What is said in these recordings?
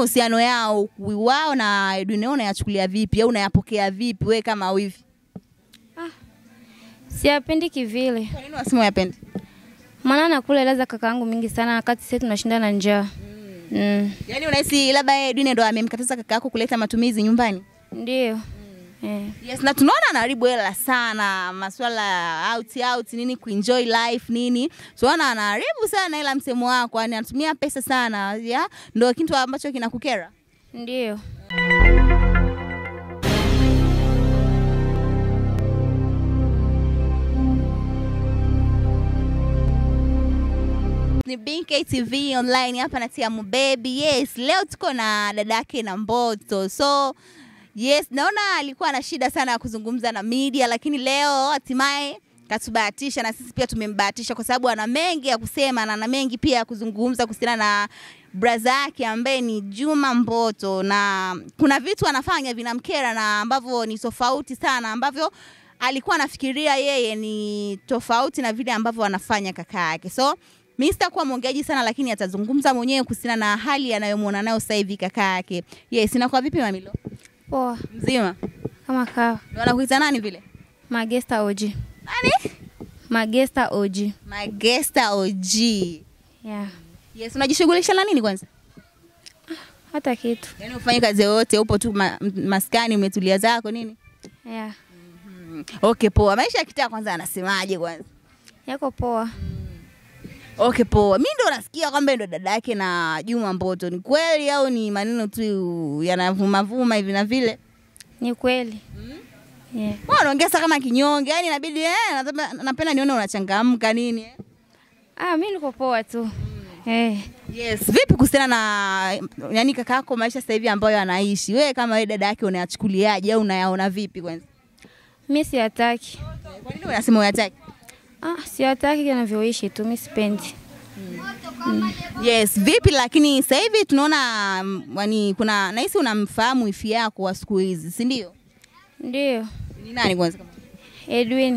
mahusiano yao wao na Edwina unayachukulia vipi au unayapokea vipi we kama wivi? Ah, siyapendi kivile. Kwa nini wasimu yapendi? Maana nakula laza kaka yangu mingi sana, wakati sisi tunashindana njaa. Mm. Mm. Yaani unahisi labda Edwin ndo amemkataza kaka yako kuleta matumizi nyumbani? Ndio. Eh. Yes, na tunaona anaharibu hela sana, maswala ya out out nini, kuenjoy life nini, tunaona anaharibu sana hela msemo wako, yani anatumia pesa sana ya, ndio kitu ambacho kinakukera. Ndio. ni Binke TV online hapa na Tiamu Baby. Yes, leo tuko na dada yake na Mboto. So Yes, naona alikuwa na shida sana ya kuzungumza na media, lakini leo hatimaye katubahatisha na sisi pia tumembahatisha, kwa sababu ana mengi ya kusema na ana mengi pia ya kuzungumza kuhusiana na braza yake ambaye ni Juma Mboto, na kuna vitu anafanya vinamkera na ambavyo ni tofauti sana ambavyo alikuwa anafikiria yeye ni tofauti na vile ambavyo anafanya kaka yake. So mi sitakuwa mwongeaji sana, lakini atazungumza mwenyewe kuhusiana na hali anayomwona nayo sasa hivi kaka yake. Yes, inakuwa vipi Mamilo? Poa. Mzima. Kama kawa. Wanakuita nani vile? Magesta OG. Nani? Magesta OG. Magesta OG. Yeah. Yes, unajishughulisha na nini kwanza? Hata kitu. Yaani ufanye kazi yoyote, upo tu ma, maskani umetulia zako nini? Yeah. Mm -hmm. Okay, poa. Maisha ya kitaa kwanza anasemaje kwanza? Yako poa. Mm. Okay, poa. Mi ndo nasikia kwamba ndo dada yake na Juma Mboto, ni kweli au ni maneno tu yanavumavuma hivi na vile? Ni kweli. Mm? Yeah. Unaongea kama kinyonge, yani inabidi eh, napenda nione unachangamka nini eh? Ah, mi niko poa tu. Mm. Eh. Yes. Vipi kuhusiana na yani kakako maisha sasa hivi ambayo anaishi? Wewe kama wewe dada yake unayachukuliaje au unayaona vipi kwanza? Mimi siyataki. Kwa nini unasema unayataki? Ah, siwataki anavyoishi tu, mi sipendi. Mm. Yes, vipi lakini sasa hivi tunaona mm, yani kuna nahisi unamfahamu ifi yako wa siku hizi, si ndio? Ndio. Ni nani kwanza kama? Edwin.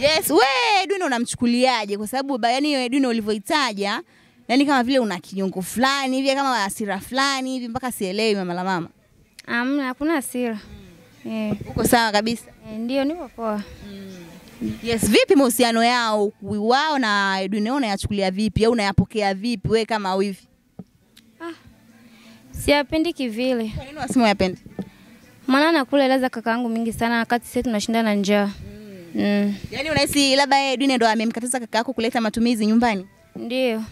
Yes. Yes, we Edwin unamchukuliaje? Kwa sababu yani Edwin ulivyoitaja yani kama vile una kinyongo fulani hivi kama hasira fulani hivi mpaka sielewi mama la mama. Amna, hakuna hasira. Mm. Eh. Uko sawa kabisa? E, ndio, niko poa. Mm. Yes, vipi mahusiano yao wao na Edwin unayachukulia vipi au unayapokea vipi we kama wivi? Ah, siyapendi kivile. Kwa nini wasimu yapendi? Maana nakula laza za kakaangu mingi sana, wakati sisi tunashindana njaa. Mm. Mm. Yaani unahisi labda Edwin ndo amemkataza kaka yako kuleta matumizi nyumbani? Ndio. Mm.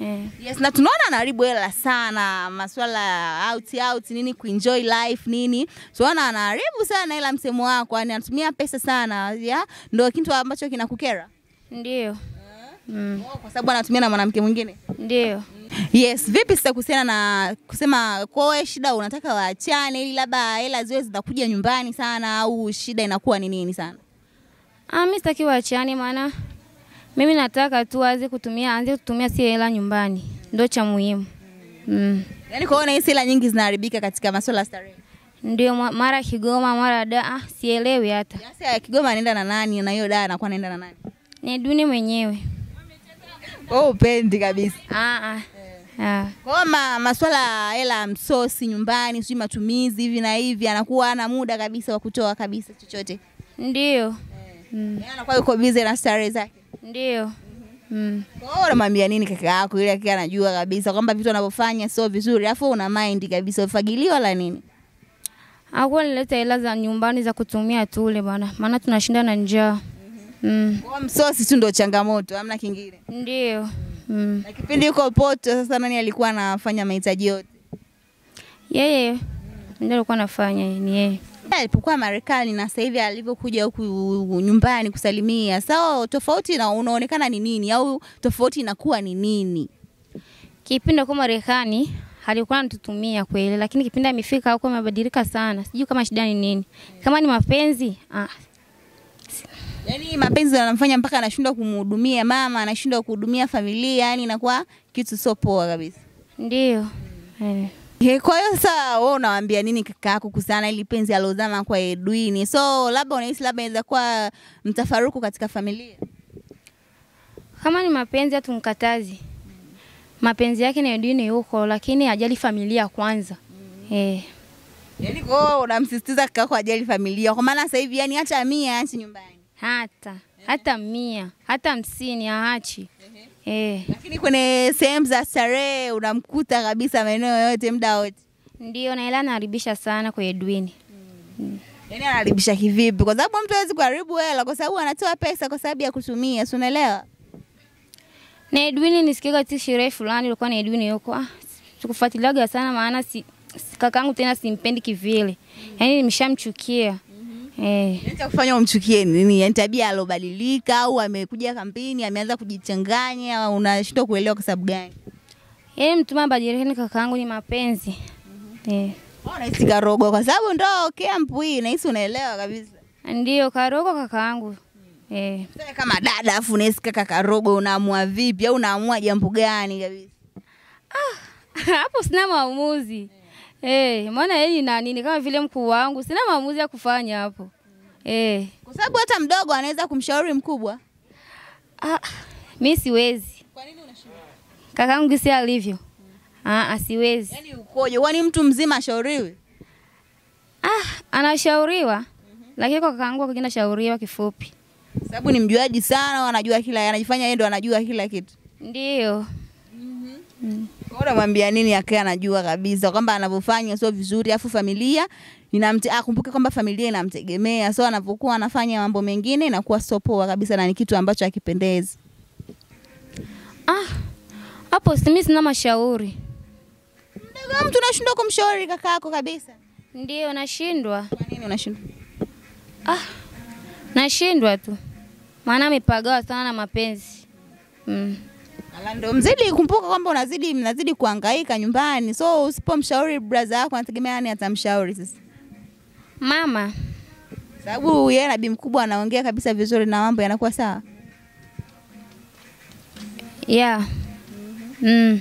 Eh. Yes, na tunaona anaharibu hela sana, maswala out out nini, kuenjoy life nini, tunaona anaharibu sana hela msemo wako, yani anatumia pesa sana ya, ndio kitu ambacho kinakukera ndio? Mm. Oh, kwa sababu anatumia na mwanamke mwingine ndio. Yes, vipi sasa kuhusiana na kusema kwa wewe shida unataka waachane ili labda hela ziwe zinakuja nyumbani sana au shida inakuwa ni nini sana? Ah, mimi sitaki waachane maana mimi nataka tu aanze kutumia aanze kutumia si hela nyumbani, ndio cha muhimu mm. Yaani kwa hiyo hela nyingi zinaharibika katika masuala ya starehe. Ndio mara Kigoma mara da, ah, sielewi hata. ya Kigoma anaenda na nani na hiyo da anakuwa anaenda na nani? Ni Duni mwenyewe. oh, upendi kabisa. Ah ah. Yeah. Eh. Kwa ma, masuala hela msosi nyumbani, sijui matumizi hivi na hivi, anakuwa ana muda kabisa wa kutoa kabisa chochote. Ndio. Eh. Yeah. Mm. Anakuwa yuko busy na starehe zake. Ndio. Mm. Mm-hmm. Wewe unamwambia nini kaka yako ile akiwa anajua kabisa kwamba vitu anavyofanya sio vizuri, alafu una mind kabisa ufagiliwa la nini? akuwa nileta hela za nyumbani za kutumia tule bana, maana tunashinda na njaa. Mm. Kwa msosi tu ndio changamoto, hamna kingine. Ndio. Mm. mm. Na kipindi uko Poto, sasa nani alikuwa anafanya mahitaji yote? Yeye. Yeah, yeah. Ndio alikuwa anafanya ni yeye alipokuwa Marekani na sasa hivi alivyokuja huku nyumbani kusalimia, sawa, tofauti na unaonekana ni nini, au tofauti inakuwa ni nini? Kipindi kwa Marekani alikuwa anatutumia kweli, lakini kipindi amefika huko amebadilika sana. Sijui kama shida ni nini, kama ni mapenzi ah. Yaani mapenzi yanamfanya mpaka anashindwa kumhudumia mama, anashindwa kuhudumia familia, yani inakuwa kitu sio poa kabisa. Ndio. Hmm. Eh. He, eh, kwa hiyo sasa wewe unawaambia nini kaka yako kuhusiana ili penzi alozama kwa Edwini? So labda unahisi labda inaweza kuwa mtafaruku katika familia? Kama ni mapenzi atumkatazi Mm. Mapenzi yake na Edwini yuko, lakini ajali familia kwanza. Mm. Eh. Yaani kwa unamsisitiza kaka yako ajali familia. Kwa maana sasa hivi yani hata mimi achi nyumbani. Hata hata mia hata hamsini haachi. Eh. Lakini kwenye sehemu za starehe unamkuta kabisa maeneo yote muda wote. Ndio, na ila anaharibisha sana kwa Edwini. Mm. Yaani anaharibisha kivipi? Kwa sababu mtu hawezi kuharibu hela kwa sababu anatoa pesa kwa sababu ya kutumia, si unaelewa? Na Edwini nisikika katika sherehe fulani ilikuwa na edwini yuko ah, sikufuatiliaga sana maana si kakangu tena simpendi kivile. Yaani nimeshamchukia. Eh. kufanya umchukie nini? Yaani tabia alobadilika au amekuja kampeni ameanza kujichanganya unashindwa kuelewa kwa sababu gani? Yaani mtuma badilikani kakaangu ni mapenzi. Mm -hmm. Eh. Unahisi karogo kwa sababu ndo camp hii nahisi unaelewa kabisa. ndio karogo kakaangu. Mm. Eh. kama dada afu unahisi kaka karogo unaamua vipi au unaamua jambo gani kabisa? Ah, hapo sina maamuzi. Eh hey, eh, maana yeye na nini kama vile mkuu wangu, sina maamuzi ya kufanya hapo hey. Eh. Kwa sababu hata mdogo anaweza kumshauri mkubwa. Ah, mi siwezi. Kwa nini unashindwa? Kakaangu si alivyo. Hmm. Ah, asiwezi. Ah, yaani ukoje? Wani mtu mzima ashauriwe Ah, anashauriwa. Mm -hmm. Lakini kwa kakaangu kingine anashauriwa kifupi. Sababu ni mjuaji sana, anajua kila anajifanya yeye ndo anajua kila kitu. ndio Mm. Unamwambia nini akiwa anajua kabisa kwamba anavyofanya sio vizuri, afu familia inamte akumbuke kwamba familia inamtegemea, so anapokuwa anafanya mambo mengine inakuwa sio poa kabisa na ni kitu ambacho hakipendezi. Ah, hapo mimi sina mashauri. Mdogo mtu unashindwa kumshauri kakaako kabisa? Ndio, nashindwa. Kwa nini unashindwa? Ah, nashindwa tu, maana amepagawa sana na mapenzi mm. Ndo mzidi kumbuka kwamba unazidi mnazidi kuangaika nyumbani, so usipomshauri brother yako anategemea nani atamshauri sasa? Mama, sababu yeye na bibi mkubwa anaongea kabisa vizuri na mambo yanakuwa sawa. Yeah. Mm-hmm. Mm mm.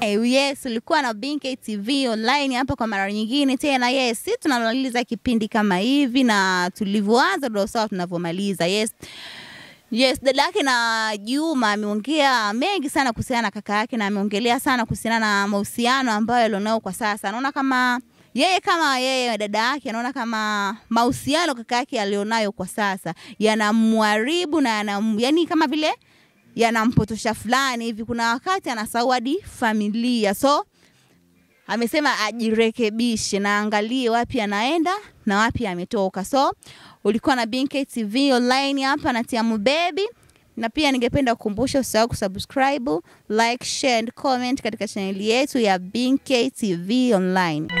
Eh, hey, yes, ulikuwa na BNK TV online hapa kwa mara nyingine tena. Yes, si tunamaliza kipindi kama hivi na tulivyoanza ndio sawa tunavyomaliza. Yes. Yes, dada yake na Juma ameongea mengi sana kuhusiana na kaka yake na ameongelea sana kuhusiana na mahusiano ambayo alionao kwa sasa. Anaona kama yeye kama yeye dada yake anaona kama mahusiano kaka yake alionayo kwa sasa yanamharibu na yanam, yani kama vile yanampotosha fulani hivi. Kuna wakati anasahau hadi familia, so amesema ajirekebishe na angalie wapi anaenda na wapi ametoka. So ulikuwa na BNKTV online hapa na Tiamu Baby na pia ningependa kukumbusha usisahau kusubscribe, like, share and comment katika chaneli yetu ya BNK TV online.